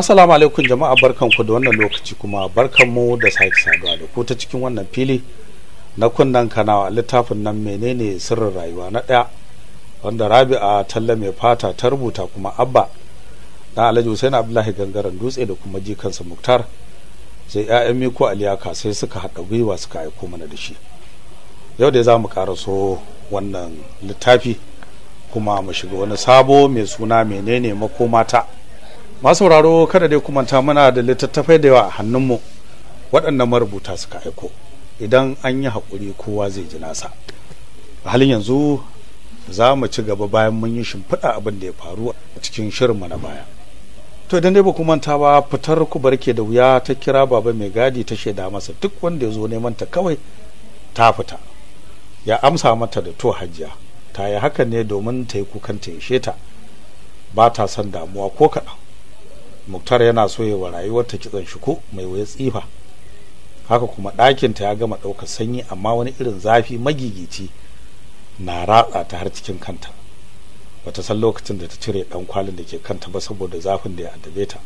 Assalamu alaikum jama'a barkanku da wannan lokaci kuma barkanmu da sake saduwa da ku ta cikin wannan fili na kunnen kanawa littafin nan menene sirrin rayuwa na ɗaya wanda rabi'a talla mai fata ta rubuta kuma abba na alhaji hussein abdullahi gangaren dutse da kuma jikansa muktar sai 'ya'yan miko aliyaka sai suka haɗa gwiwa suka aiko mana da shi yau dai za mu so wannan littafi kuma mu shiga wani sabo mai suna menene makomata masu sauraro kada dai ku manta muna da littattafai da yawa a hannunmu waɗannan marubuta suka aiko idan an yi haƙuri kowa zai ji nasa a halin yanzu za mu ci gaba bayan mun yi shimfiɗa abin da ya faru a cikin shirinmu na baya to idan dai ba ku manta ba fitar ku barke da wuya ta kira baba mai gadi ta shaida masa duk wanda ya zo neman ta kawai ta fita ya amsa mata da to hajiya ta yi hakan ne domin ta yi kukan ta ya ta ba ta son damuwa ko kaɗan muktar yana so ya wa rayuwarta kitson shuku mai waya tsifa haka kuma ɗakinta ya gama ɗaukar sanyi amma wani irin zafi magigici na ratsa ta har cikin kanta bata san lokacin da ta cire ɗan kwalin da ke kanta ba saboda zafin da ya addabe ta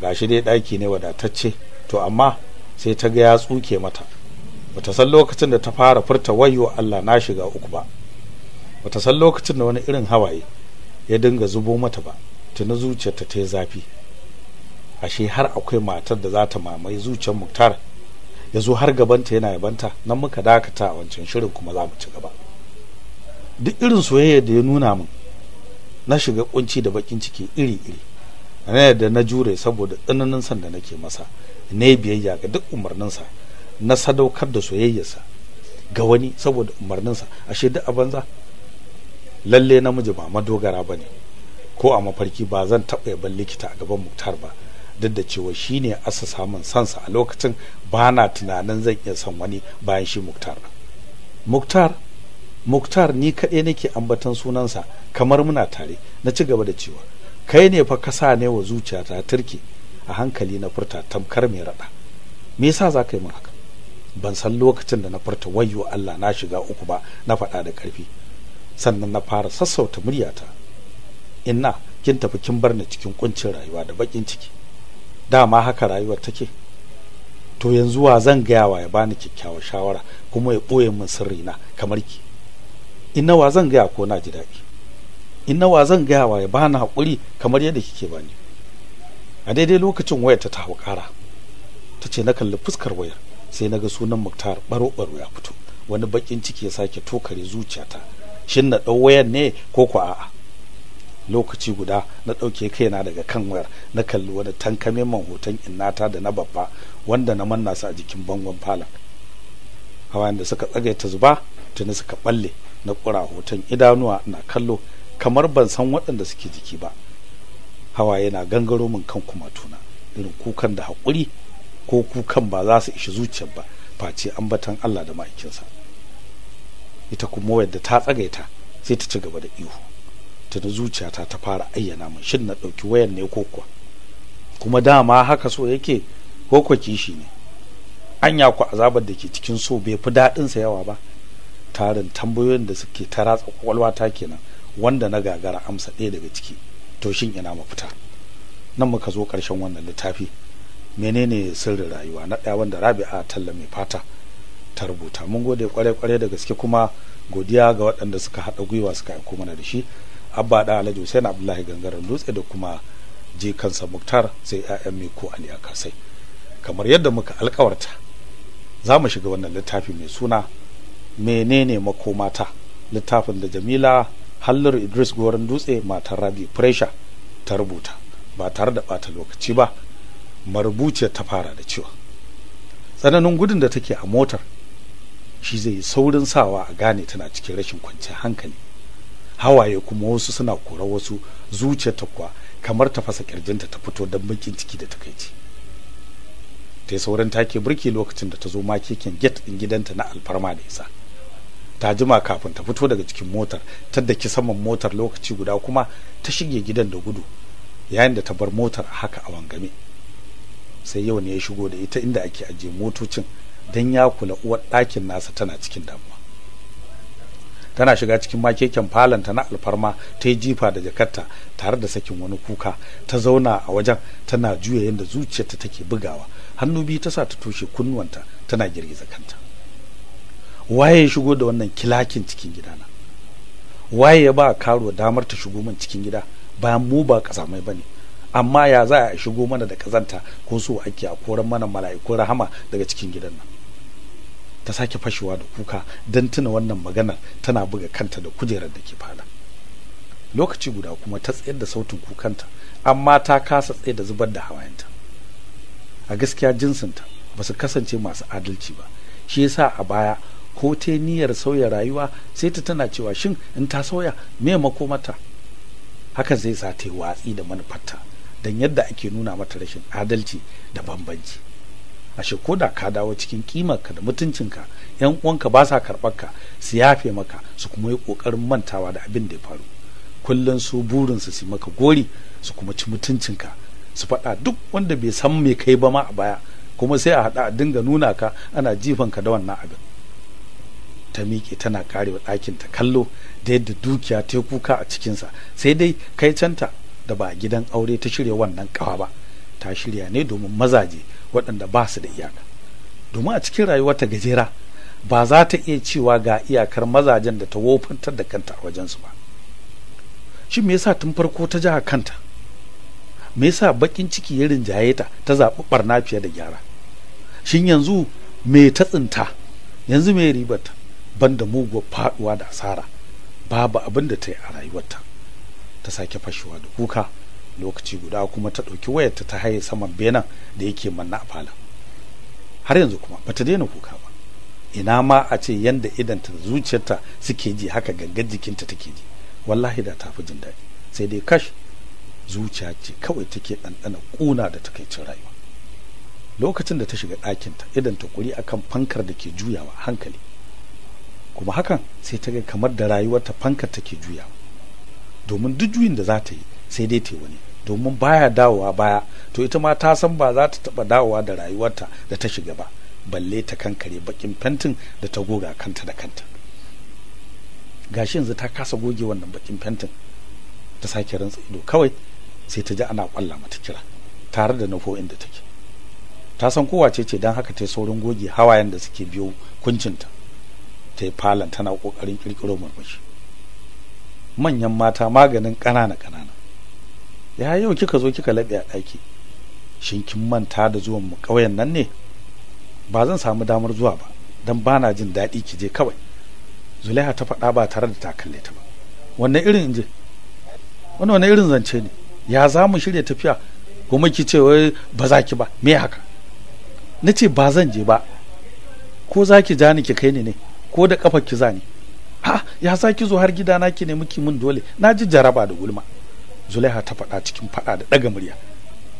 gashi dai ɗaki ne wadatacce to amma sai ta ga ya tsuke mata bata san lokacin da ta fara furta wayo Allah na shiga uku ba bata san lokacin da wani irin hawaye ya dinga zubo mata ba tuni zuciyarta ta yi zafi ashe har akwai matar da za ta mamaye zuciyar muktar ya zo har gabanta yana yabanta nan muka dakata a wancan shirin kuma za mu ci gaba duk irin soyayya da ya nuna min na shiga kunci da bakin ciki iri-iri na yadda na jure saboda tsananin san da nake masa na biyayya ga duk umarninsa na sadaukar da soyayyarsa ga wani saboda umarninsa ashe duk a banza lalle namiji ba madogara ba ne ko a mafarki ba zan taɓa yaban likita a gaban muktar ba duk da cewa shi ne asa samun sansa a lokacin ba na tunanin zan iya san wani bayan shi muktar muktar muktar ni kaɗai nake ambaton sunansa kamar muna tare na ci gaba da cewa kai ne fa kasa ne wa zuciyata turke a hankali na furta tamkar mai raɗa me yasa za ka yi min haka ban san lokacin da na furta wayo Allah na shiga uku ba na faɗa da ƙarfi sannan na fara sassauta muryata inna kin tafi kin bar ni cikin kuncin rayuwa da bakin ciki dama haka rayuwar take to yanzu wa zan gaya wa ya bani kyakkyawar shawara kuma ya ɓoye min sirri na kamar ki inna wa zan gaya ko na ji daɗi inna wa zan gaya wa ya bani haƙuri kamar yadda kike bani a daidai lokacin wayar ta hau ƙara ta ce na kalli fuskar wayar sai na ga sunan muktar baro baro ya fito wani bakin ciki ya sake tokare zuciyata shin na ɗau wayar ne ko ko a'a lokaci guda na ɗauke kaina daga kan wayar na kalli wani tankame man hoton innata da na babba wanda na manna su a jikin bangon falon hawayen da suka tsagaita zuba tuni suka balle na ƙura hoton idanuwa na kallo kamar ban san waɗanda suke jiki ba hawaye na gangaro min kan kumatuna irin kukan da haƙuri ko kukan ba za su ishi zuciyar ba face ambatan Allah da ma'aikinsa ita kuma wadda ta tsagaita sai ta ci gaba da ihu tuni zuciya ta ta fara ayyana mun shin na ɗauki wayan ne ko kuwa kuma dama haka so yake ko kwa kishi ne anya ku azabar da ke cikin so bai fi daɗin sa yawa ba tarin tambayoyin da suke ta ratsa kwakwalwa ta kenan wanda na gagara amsa ɗaya daga ciki to shin ina mafita nan muka zo karshen wannan littafi menene sirrin rayuwa na ɗaya wanda rabi'a talla mai fata ta rubuta mun gode kwarai-kwarai da gaske kuma godiya ga waɗanda suka haɗa gwiwa suka aiko mana da shi abba da alhaji hussein abdullahi gangaren dutse da kuma kansa muktar sai 'ya'yan miko ali a kasai kamar yadda muka alkawarta za mu shiga wannan littafi mai suna menene makomata littafin da jamila hallar idris goron dutse matar rabi fresha ta rubuta ba tare da bata lokaci ba marubuciyar ta fara da cewa tsananin gudun da take a motar shi zai saurin sawa a gane tana cikin rashin kwanciyar hankali hawaye kuma wasu suna kora wasu zuciyarta kuwa kamar ta fasa kirjinta ta fito don bakin ciki da takaici ta yi sauran take birki lokacin da ta zo ma keken get din gidanta na alfarma da isa ta jima kafin ta fito daga cikin motar ta daki saman motar lokaci guda kuma ta shige gidan da gudu yayin da ta bar motar haka a wangame sai yau ne ya shigo da ita inda ake ajiye motocin don ya kula uwar ɗakin nasa tana cikin damuwa tana shiga cikin makeken falanta na alfarma ta yi jifa da jakarta tare da sakin wani kuka ta zauna a wajen tana juya yadda zuciyarta take bugawa hannu biyu ta sa ta toshe kunnuwanta tana girgiza kanta waye ya shigo da wannan kilakin cikin gidana waye ya ba karo damar ta shigo min cikin gida bayan mu ba kasamai ne amma ya za a shigo mana da kazanta ko so ake a koran mana mala'ikun rahama daga cikin gidan nan ta sake fashewa da kuka don tuna wannan maganar tana buga kanta da kujerar da ke fada lokaci guda kuma ta tsayar da sautin kukanta amma ta kasa tsaye da zubar da hawayenta a gaskiya jinsinta ba su kasance masu adalci ba shi yasa a baya ko ta niyyar sauya rayuwa sai ta tana cewa shin in ta sauya me mako mata hakan zai sa ta yi watsi da manufarta don yadda ake nuna mata rashin adalci da bambanci ashe ko da ka dawo cikin ka da mutuncinka yan uwanka ba sa karɓar ka su yafe maka su kuma yi ƙoƙarin mantawa da abin da ya faru kullum su burin su maka gori su kuma ci mutuncinka su faɗa duk wanda bai san me kai ba ma a baya kuma sai a haɗa a dinga nuna ka ana jifan ka da wannan abin ta miƙe tana karewa ɗakin ta kallo da yadda dukiya ta kuka a cikinsa sai dai kai canta da ba gidan aure ta shirya wannan kawa ba ta shirya ne domin mazaje waɗanda ba su da iyaka domin a cikin rayuwarta gajera ba za ta iya cewa ga iyakar mazajen da ta wofantar da kanta a wajensu ba shi me yasa tun farko ta jiha kanta me yasa bakin ciki ya rinjaye ta ta zaɓi barna fiye da gyara shin yanzu me ta tsinta yanzu me ribata banda muguwar faɗuwa da asara babu abin da ta yi a rayuwarta ta sake fashewa da kuka lokaci guda kuma ta ɗauki wayarta ta haye saman benen da yake manna a falon har yanzu kuma ba ta daina kuka ba ina ma a ce yanda idanta da zuciyarta suke ji haka gangan jikinta take ji wallahi da ta fi jin daɗi sai dai kash zuciya ce kawai take ɗanɗana ƙuna da takaicin rayuwa lokacin da ta shiga ɗakinta idan ta kuri akan fankar da ke juyawa hankali kuma hakan sai ta ga kamar da rayuwarta fankar take juyawa domin duk juyin da za ta yi sai dai ta wani domin baya dawowa baya to ita ma ta san ba za ta taɓa dawowa da rayuwarta da ta shiga ba balle ta kankare bakin fentin da ta goga kanta da kanta gashi yanzu ta kasa goge wannan bakin fentin ta sake rantsa ido kawai sai ta ji ana kwalla mata kira tare da nufo'in inda take ta san kowace ce don haka ta yi saurin goge hawayen da suke biyo kuncinta ta yi falon tana kokarin kirkiro murmushi manyan mata maganin ƙanana ƙanana ya yau kika zo kika laɓe a ɗaki shin kin manta da zuwan mu ƙauyen nan ne ba zan samu damar zuwa ba don bana jin daɗi ki je kawai zulaiha ta faɗa ba tare da ta kalle ta ba wannan irin je wani wani irin zance ne ya za mu shirya tafiya kuma ki ce wai ba za ki ba me haka na ce ba zan je ba ko za ki ja ni ki kai ni ne ko da ƙafar ki za ni ha ya sa ki zo har gidana ki nemi ki mun dole na ji jaraba da gulma zulaiha ta faɗa cikin faɗa da ɗaga murya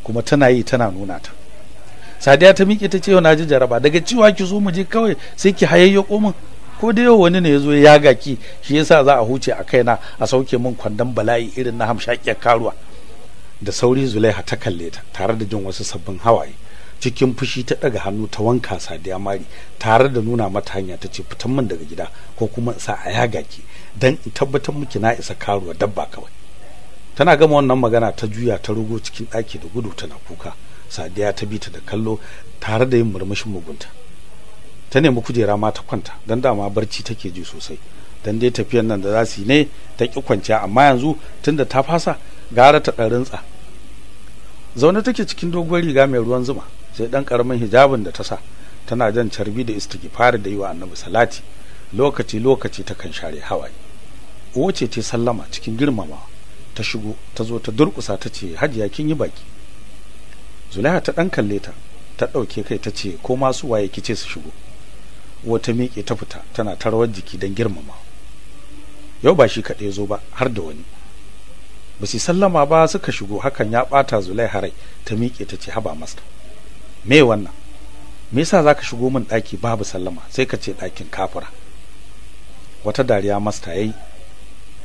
kuma tana yi tana nuna ta sadiya ta miƙe ta ce yau na ji jaraba daga cewa ki zo mu je kawai sai ki hayayyo komin ko da yau wani ne ya zo ya yaga ki shi yasa za a huce a kaina a sauke min kwandon bala'i irin na hamshakiyar karuwa da sauri zulaiha ta kalle ta tare da jin wasu sabbin hawaye cikin fushi ta ɗaga hannu ta wanka sadiya mari tare da nuna mata hanya ta ce fitan min daga gida ko kuma sa a yaga ki don in tabbatar miki na isa karuwa dabba kawai tana gama wannan magana ta juya ta rugo cikin ɗaki da gudu tana kuka sadiya ta bi ta da kallo tare da yin murmushin mugunta ta nemi kujera ma ta kwanta don dama barci take ji sosai don dai tafiyan nan da za su yi ne ta ki kwanciya amma yanzu tunda ta fasa gara ta ɗan rintsa zaune take cikin doguwar riga mai ruwan zuma sai ɗan ƙaramin hijabin da ta sa tana jan carbi da istighfar da yi wa annabi salati lokaci lokaci ta kan share hawaye uwa ce ta sallama cikin girmamawa ta shigo ta zo ta durƙusa ta ce hajiya kin yi baki zulaiha ta ɗan kalle ta ta ɗauke kai ta ce ko masu waye kice su shigo wata miƙe ta fita tana ta rawar jiki don girmama yau ba shi kaɗai zo ba har da wani ba su sallama ba suka shigo hakan ya ɓata zulaiha rai ta miƙe ta ce haba masta me wannan me yasa ka shigo min ɗaki babu sallama sai ka ce ɗakin kafura wata dariya masta ya yi.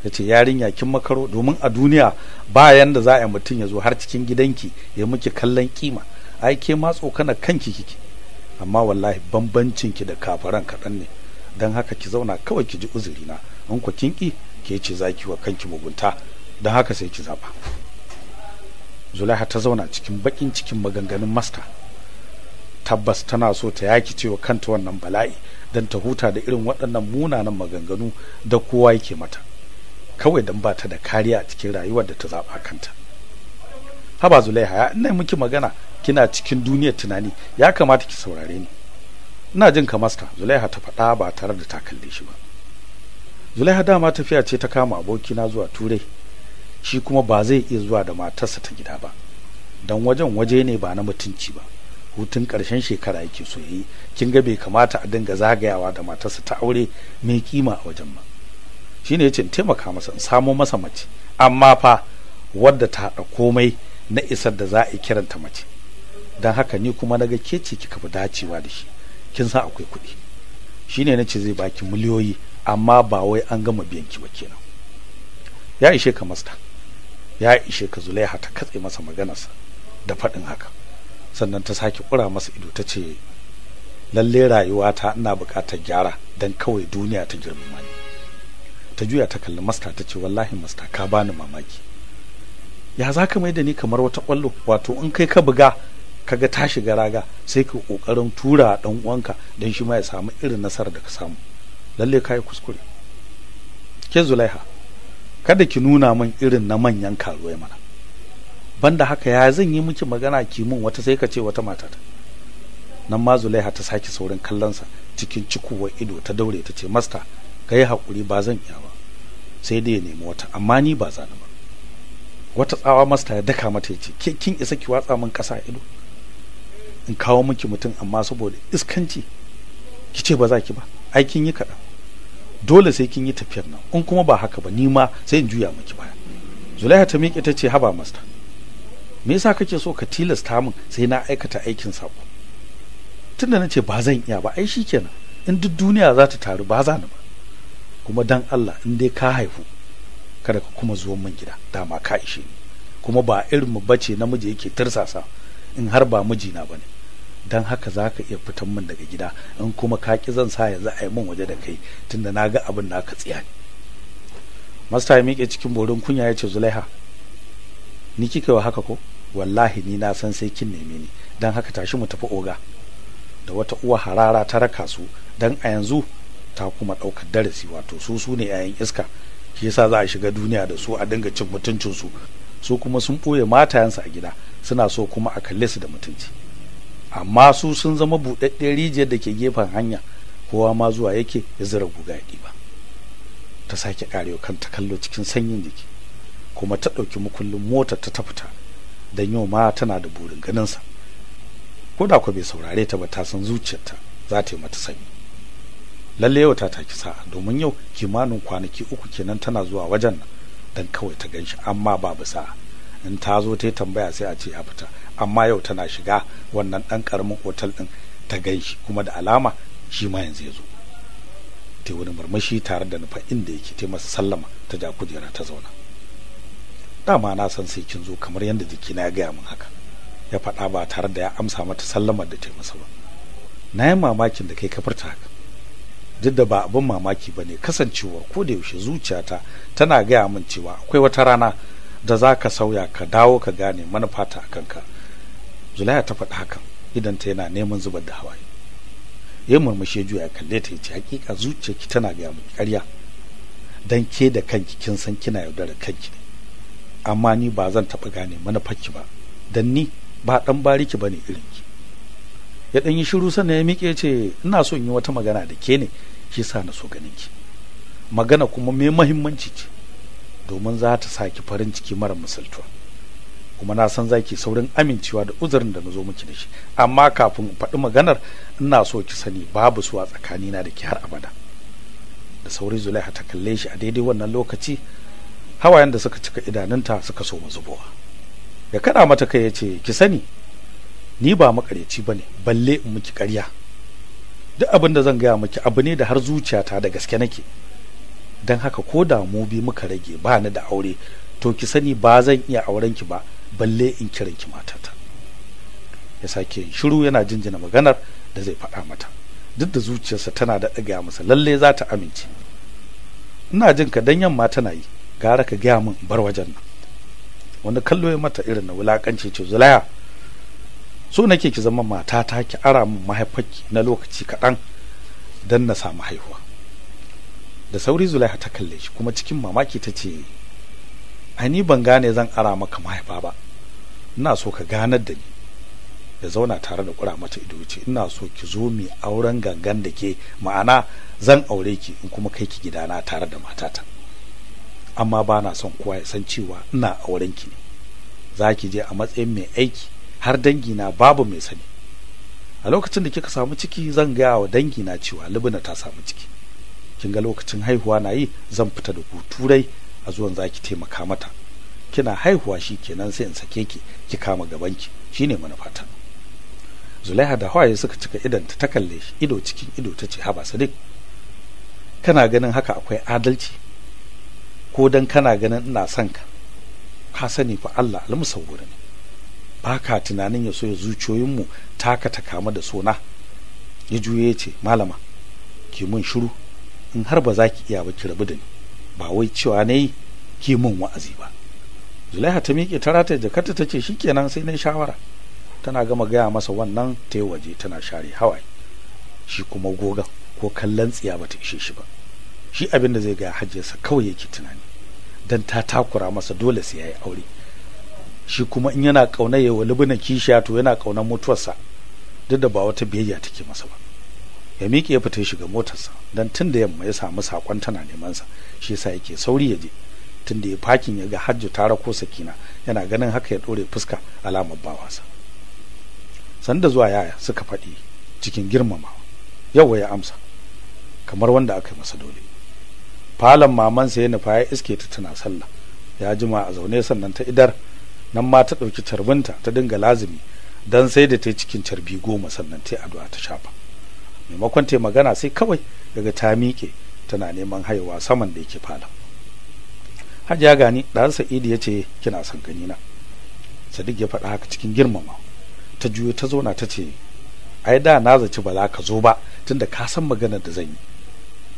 ya ce yarinya kin makaro domin a duniya bayan da za a mutum ya zo har cikin gidanki ya muke kallon kima ai ke ma tsokana kanki kike amma wallahi bambancin ki da kafaran kaɗan ne don haka ki zauna kawai ki ji uzuri na in ku ki ke ce za ki wa kanki mugunta don haka sai ki zaba zulaiha ta zauna cikin bakin cikin maganganun masta tabbas tana so ta yaki cewa kanta wannan bala'i don ta huta da irin waɗannan munanan maganganu da kowa yake mata kawai don ba ta da kariya a cikin rayuwar da ta zaɓa kanta haba zulaiha ya ina miki magana kina cikin duniyar tunani ya kamata ki saurare ni ina jin ka maska zulaiha ta faɗa ba tare da ta kalle shi ba zulaiha dama tafiya ce ta kama abokina zuwa turai shi kuma ba zai iya zuwa da matarsa ta gida ba don wajen waje ne ba na mutunci ba hutun ƙarshen shekara yake so kin ga bai kamata a dinga zagayawa da matarsa ta aure mai kima a wajen ba shine ya ce taimaka masa in samo masa mace amma fa wadda ta haɗa komai na isar da za a yi kiranta mace don haka ni kuma na ga ke ce kika fi dacewa da shi kin san akwai kuɗi shine na ce zai baki miliyoyi amma ba wai an gama biyan ki ba kenan ya ishe ka masta ya ishe ka zulaiha ta katse masa maganarsa da faɗin haka sannan ta sake kura masa ido ta ce lalle rayuwata ina buƙatar gyara don kawai duniya ta girmama ni ta juya ta kalli masta ta ce wallahi masta ka bani mamaki ya za ka mai da ni kamar wata kwallo wato in kai ka buga ka ga ta shiga raga sai ka kokarin tura dan uwanka dan shi ma ya samu irin nasarar da ka samu lalle kai kuskure ke zulaiha kada ki nuna min irin na manyan karuwai mana banda haka ya zan yi miki magana ki mun wata sai ka ce wata ta nan ma zulaiha ta sake saurin kallon sa cikin cikuwar ido ta daure ta ce masta ka yi haƙuri ba zan iya ba sai dai ya nemi wata amma ni ba zani ba wata tsawa masta ya daka mata ya ce ke kin isa ki watsa min ƙasa ido in kawo miki mutum amma saboda iskanci ki ce ba za ki ba ai kin yi kaɗan dole sai kin yi tafiyar nan in kuma ba haka ba ni ma sai in juya miki baya zulaiha ta miƙe ta ce haba masta me yasa kake so ka tilasta min sai na aikata aikin sako tunda na ce ba zan iya ba ai shikenan in duk duniya za ta taru ba za ni ba kuma dan Allah in dai ka haifu kada ka kuma zuwa min gida dama ka ishe ni kuma ba irin mu bace namiji yake tirsasa in har ba mijina bane dan haka za ka iya fitan min daga gida in kuma ka ki zan sa yanzu a yi min waje da kai tunda na ga abin naka tsiya ne masta ya miƙe cikin borin kunya ya ce zulaiha ni kika wa haka ko wallahi ni na san sai kin neme ni dan haka tashi mu tafi oga da wata uwa harara ta raka su dan a yanzu ta kuma ɗaukar darasi wato su su ne 'ya'yan iska shi yasa za a shiga duniya da su a dinga cin mutuncin su kuma sun ɓoye matayensu a gida suna so kuma a kalle su da mutunci amma su sun zama buɗaɗɗen rijiyar da ke gefen hanya kowa ma zuwa yake ya zira guga ya ɗiba ta sake ƙarewa kanta kallo cikin sanyin jiki kuma ta ɗauki mukullin mota ta tafita don yau ma tana da burin ganinsa ko da ku bai saurare ta ba ta san zuciyarta za ta yi mata sanyi lalle yau ta taki sa'a domin yau kimanin kwanaki uku kenan tana zuwa wajen nan dan kawai ta ganshi amma babu sa'a in ta zo ta yi tambaya sai a ce a fita amma yau tana shiga wannan dan karamin otal din ta ganshi kuma da alama shi ma yanzu ya zo ta wani murmushi tare da nufa inda yake ta masa sallama ta ja kujera ta zauna dama na san sai kin zo kamar yadda jikina ya gaya min haka ya faɗa ba tare da ya amsa mata sallamar da ta masa ba na yi mamakin da kai ka furta haka duk da ba abin mamaki ba ne kasancewa ko da yaushe zuciyata tana gaya min cewa akwai wata rana da za ka sauya ka dawo ka gane manufata a kanka zulaya ta faɗi hakan idan ta yana neman zubar da hawaye ya murmushe juya kalle ta ce hakika zuciyarki tana gaya min ƙarya dan ke da kanki kin san kina yaudarar kanki ne amma ni ba zan taɓa gane manufarki ba dan ni ba ɗan bariki ba ne irin ya ɗan yi shiru sannan ya miƙe ce ina so in yi wata magana da ke ne shi sa na so ganin ki magana kuma mai mahimmanci ce domin za ta sa ki farin ciki mara misaltuwa kuma na san za ki saurin amincewa da uzurin da na zo miki da shi amma kafin in faɗi maganar ina so ki sani babu su tsakani na da ki har abada da sauri zulaiha ta kalle shi a daidai wannan lokaci hawayen da suka cika idanunta suka so mu zubowa ya kaɗa mata kai ya ce ki sani ni ba makareci bane balle in miki ƙarya duk abin da zan gaya miki abu ne da har zuciyata da gaske nake don haka ko da mu bi muka rage ba ni da aure to ki sani ba zan iya auren ki ba balle in kiran ki matata ya sake shiru yana jinjina maganar da zai faɗa mata duk da zuciyarsa tana da ɗaga masa lalle za ta amince ina jin ka dan yamma tana yi gara ka gaya min bar wajen nan wani kallo ya mata irin na wulakanci ce zulaya so nake ki zama matata ki ara min mahaifarki na lokaci kaɗan don na samu haihuwa da sauri zulaiha ta kalle shi kuma cikin mamaki ta ce ni ban gane zan ara maka mahaifa ba ina so ka ganar da ni ya zauna tare da kura mata ido ce ina so ki zo mi auren gangan da ke ma'ana zan aure ki in kuma kai ki gidana tare da matata amma ba na son kowa ya san cewa ina aurenki ne za ki je a matsayin mai aiki har dangi na babu mai sani a lokacin da kika samu ciki zan gaya wa dangi na cewa libina ta samu ciki kin ga lokacin haihuwa na yi zan fita da ku turai a zuwan zaki taimaka mata kina haihuwa shi kenan sai in sake ki ki kama gabanki shine manufata zulaiha da hawaye suka cika idanta ta kalle shi ido cikin ido ta ce haba sadiq kana ganin haka akwai adalci ko dan kana ganin ina son ka ka sani fa Allah almusawwirin baka tunanin ya so ya zuciyoyinmu taka ta kama da sona ya juye ya ce malama ki mun shiru in har ba za ki iya ba ki rabu da ni ba wai cewa na yi ki mun wa'azi ba zulaiha ta miƙe ta rata jakarta ta ce shi kenan sai na shawara tana gama gaya masa wannan ta waje tana share hawaye shi kuma gogan ko kallon tsiya bata ishe shi ba shi abin da zai gaya hajjiyarsa kawai yake tunani dan ta takura masa dole sai ya yi aure shi kuma in yana ƙaunar ya wa bina kishiya to yana ƙaunar mutuwarsa duk da ba wata biyayya take masa ba ya miƙe ya fita shiga motarsa don tun da yamma ya samu saƙon tana neman sa shi yasa yake sauri ya je tun da ya fakin ya ga hajju tara ko sakina yana ganin haka ya ɗore fuska alamar ba wasa sanda zuwa yaya suka faɗi cikin girmamawa yau ya amsa kamar wanda aka yi masa dole falon mamansa ya nufa ya iske ta tana sallah ya jima a zaune sannan ta idar nan ma ta ɗauki carbinta ta dinga lazumi don sai da ta yi cikin carbi goma sannan ta addu'a ta shafa maimakon ta magana sai kawai daga ta miƙe tana neman haihuwa saman da yake falon ya gani ɗan sa'idi ya ce kina son gani na sadiq ya faɗa haka cikin girmama ta juyo ta zauna ta ce ai da na zaci ba za ka zo ba tunda ka san maganar da zan yi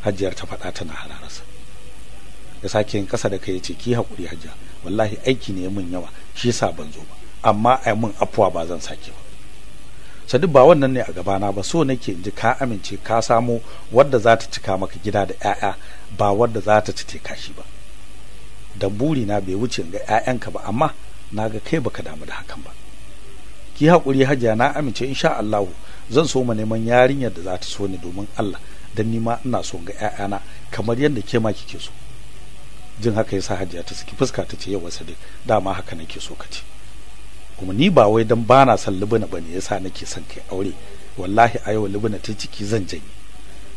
hajiyar ta faɗa tana hararsa ya sake yin kasa da kai ya ce ki hakuri hajja wallahi aiki ne mun yawa shi yasa ban zo ba amma ai mun afuwa ba zan sake ba sadiq ba wannan ne a gabana ba so nake in ji ka amince ka samo wadda za ta cika maka gida da 'ya'ya ba wadda za ta ci kashi ba dan buri na bai wuce ga 'ya'yanka ba amma na ga kai baka damu da hakan ba ki hakuri hajiya na amince insha Allah zan so ma neman yarinyar da za ta so ni domin Allah dan ni ma ina so ga 'ya'yana kamar yadda ke ma kike so jin haka yasa hajiya ta saki fuska ta ce wasa dai dama haka nake so ka ce kuma ni ba wai dan bana son libina bane yasa nake son kai aure wallahi a yau libina ta ciki zan janye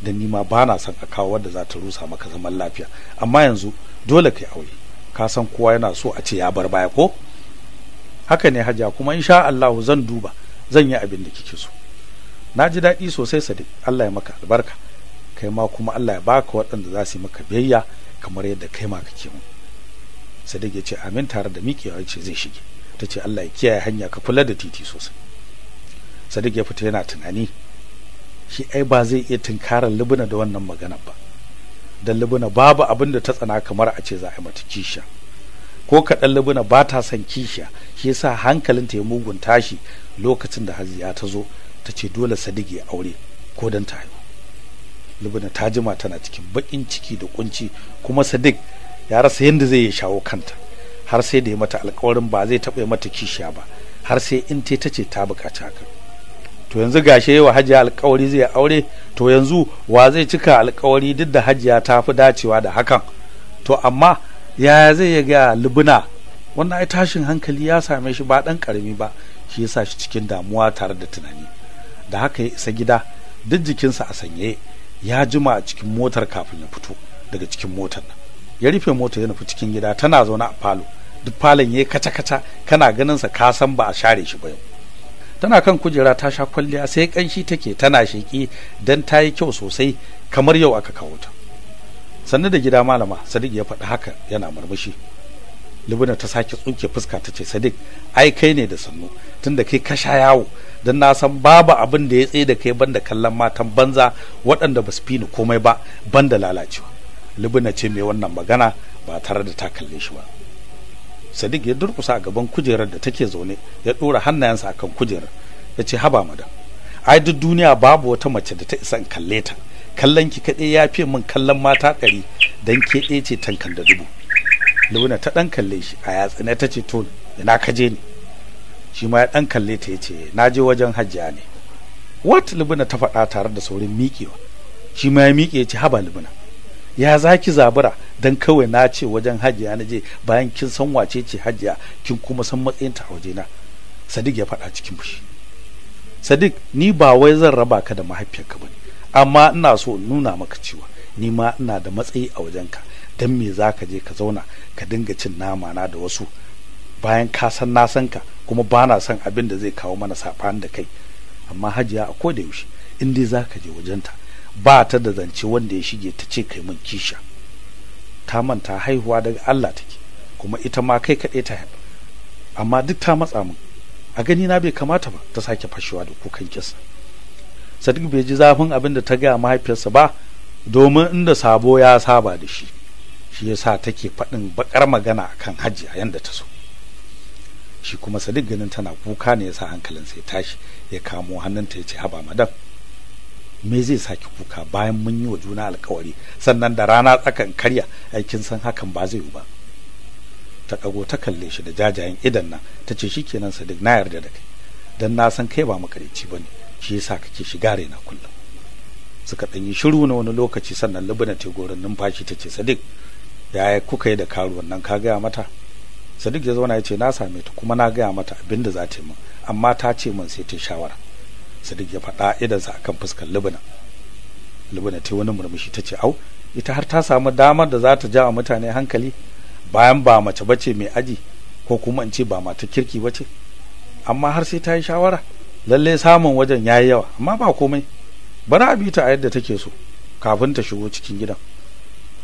dan ni ma bana son a kawo wadda za ta rusa maka zaman lafiya amma yanzu dole kai aure ka san kowa yana so a ce ya bar baya ko haka ne hajiya kuma insha Allah zan duba zan yi abin da kike so na ji daɗi sosai sadiq Allah ya maka albarka kai ma kuma Allah ya baka waɗanda za su yi maka biyayya kamar yadda kai ma kake mu sadiq ya ce amin tare da miƙe ya ce zai shige ta ce allah ya kiyaye hanya ka kula da titi sosai sadiq ya fita yana tunani shi ai ba zai iya tunkarar libina da wannan magana ba dan libina babu abin da ta tsana kamar a ce za a yi mata kisha ko kaɗan libina ba ta son kisha shi yasa hankalinta ya mugun tashi lokacin da haziya ta zo ta ce dole sadiq ya aure ko don ta haihu lubina ta jima tana cikin baƙin ciki da kunci kuma sadiq ya rasa yadda zai shawo kanta har sai da ya mata alkawarin ba zai taɓa mata kishiya ba har sai in te ta ce ta buƙaci haka to yanzu gashe wa hajiya alkawari zai aure to yanzu wa zai cika alkawari duk da hajiya ta fi dacewa da hakan to amma yaya zai ya ga lubina wannan ai tashin hankali ya same shi ba ɗan ƙarami ba shi ya sa shi cikin damuwa tare da tunani da haka ya isa gida duk jikinsa a sanyaye. ya jima a cikin motar kafin ya fito daga cikin motar nan ya rufe motar ya nufi cikin gida tana zaune a falo duk falon ya yi kaca kaca kana ganin sa ka san ba a share shi ba yau tana kan kujera ta sha kwalliya sai kanshi take tana sheƙi dan ta yi kyau sosai kamar yau aka kawo ta sannu da gida malama sadiq ya faɗi haka yana murmushi libina ta sake tsuke fuska ta ce sadiq ai kai ne da sannu tunda kai ka sha yawo don na san babu abin da ya tsaye da kai banda kallon matan banza waɗanda ba su fi ni komai ba banda lalacewa libina ce mai wannan magana ba tare da ta kalle shi ba sadiq ya durkusa a gaban kujerar da take zaune ya ɗora hannayensa akan kujerar ya ce haba madam ai duk duniya babu wata mace da ta isa in kalle ta kallon ki kaɗai ya fi min kallon mata ɗari don ke ɗaya ce tankan da dubu Luna ta dan kalle shi a yatsa ne ta ce to ina ka je ne shi ma ya dan kalle ta yace na je wajen hajjiya ne wat Luna ta faɗa tare da saurin miƙewa shi ma ya miƙe ya ce haba Luna ya zaki zabura dan kawai na ce wajen hajjiya na je bayan kin san wace ce hajjiya kin kuma san matsayinta a wajena sadiq ya faɗa cikin fushi sadiq ni ba wai zan raba ka da mahaifiyarka ba amma ina so in nuna maka cewa ni ma ina da matsayi a wajen ka. don me za ka je ka zauna ka dinga cin nama na da wasu bayan ka san na san ka kuma ba na son abin da zai kawo mana saɓani da kai amma hajiya a ko da yaushe in dai za ka je wajenta ba ta da zance wanda ya shige ta ce kai mun kisha ta manta haihuwa daga Allah take kuma ita ma kai kaɗai ta haifa amma duk ta matsa min a gani na bai kamata ba ta sake fashewa da kukan kisa sadiq bai ji zafin abin da ta gaya mahaifiyarsa ba domin inda sabo ya saba da shi shi yasa take faɗin bakar magana kan hajji a yanda ta so shi kuma sadiq ganin tana kuka ne yasa hankalin ya tashi ya kamo hannunta ya ce haba madam me zai saki kuka bayan mun yi wa juna alkawari sannan da rana tsakan karya aikin san hakan ba zai yi ba ta kago ta kalle shi da jajayen idan nan ta ce shikenan sadiq na yarda da kai dan na san kai ba makareci bane shi yasa kake shiga raina kullum suka ɗanyi shiru na wani lokaci sannan libna ta gorin numfashi ta ce sadiq yaya kuka yi da karuwan nan ka gaya mata sadiq ya zauna ya ce na same ta kuma na gaya mata abin da za ta yi min amma ta ce min sai ta shawara sadiq ya faɗa idansa akan fuskar libina libina ta wani murmushi ta ce au ita har ta samu damar da za ta ja mutane hankali bayan ba mace bace mai aji ko kuma in ce ba mata kirki bace amma har sai ta yi shawara lalle samun wajen ya yi yawa amma ba komai bana a bi ta a yadda take so kafin ta shigo cikin gidan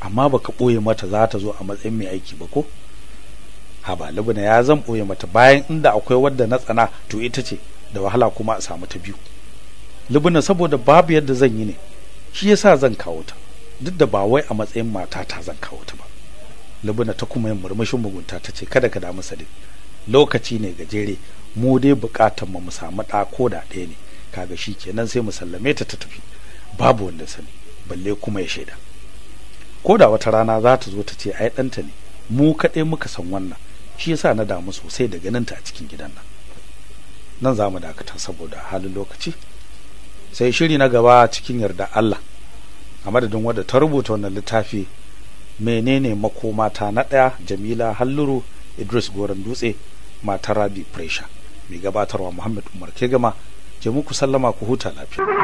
amma baka ɓoye mata za ta zo a matsayin mai aiki ba ko haba libna ya zan ɓoye mata bayan inda akwai wadda na tsana to ita ce da wahala kuma a samu ta biyu libna saboda babu yadda zan yi ne shi yasa zan kawo ta duk da ba wai a matsayin mata ta zan kawo ta ba libna ta kuma yin murmushin mugunta ta ce kada ka damu salim lokaci ne gajere mu dai bukatar mu mu samu ɗa ko da ɗaya ne kaga shi kenan sai mu sallame ta ta tafi babu wanda sani balle kuma ya shaida ko da wata rana za ta zo ta ce ai ɗanta ne mu kaɗai muka san wannan shi yasa na damu sosai da ta a cikin gidan nan nan za mu dakata saboda halin lokaci sai shiri na gaba cikin yarda Allah a madadin wadda ta rubuta wannan littafi menene makomata na ɗaya jamila halluru idris goran dutse matar rabi presha mai gabatarwa muhammad umar kegama ke muku sallama ku huta lafiya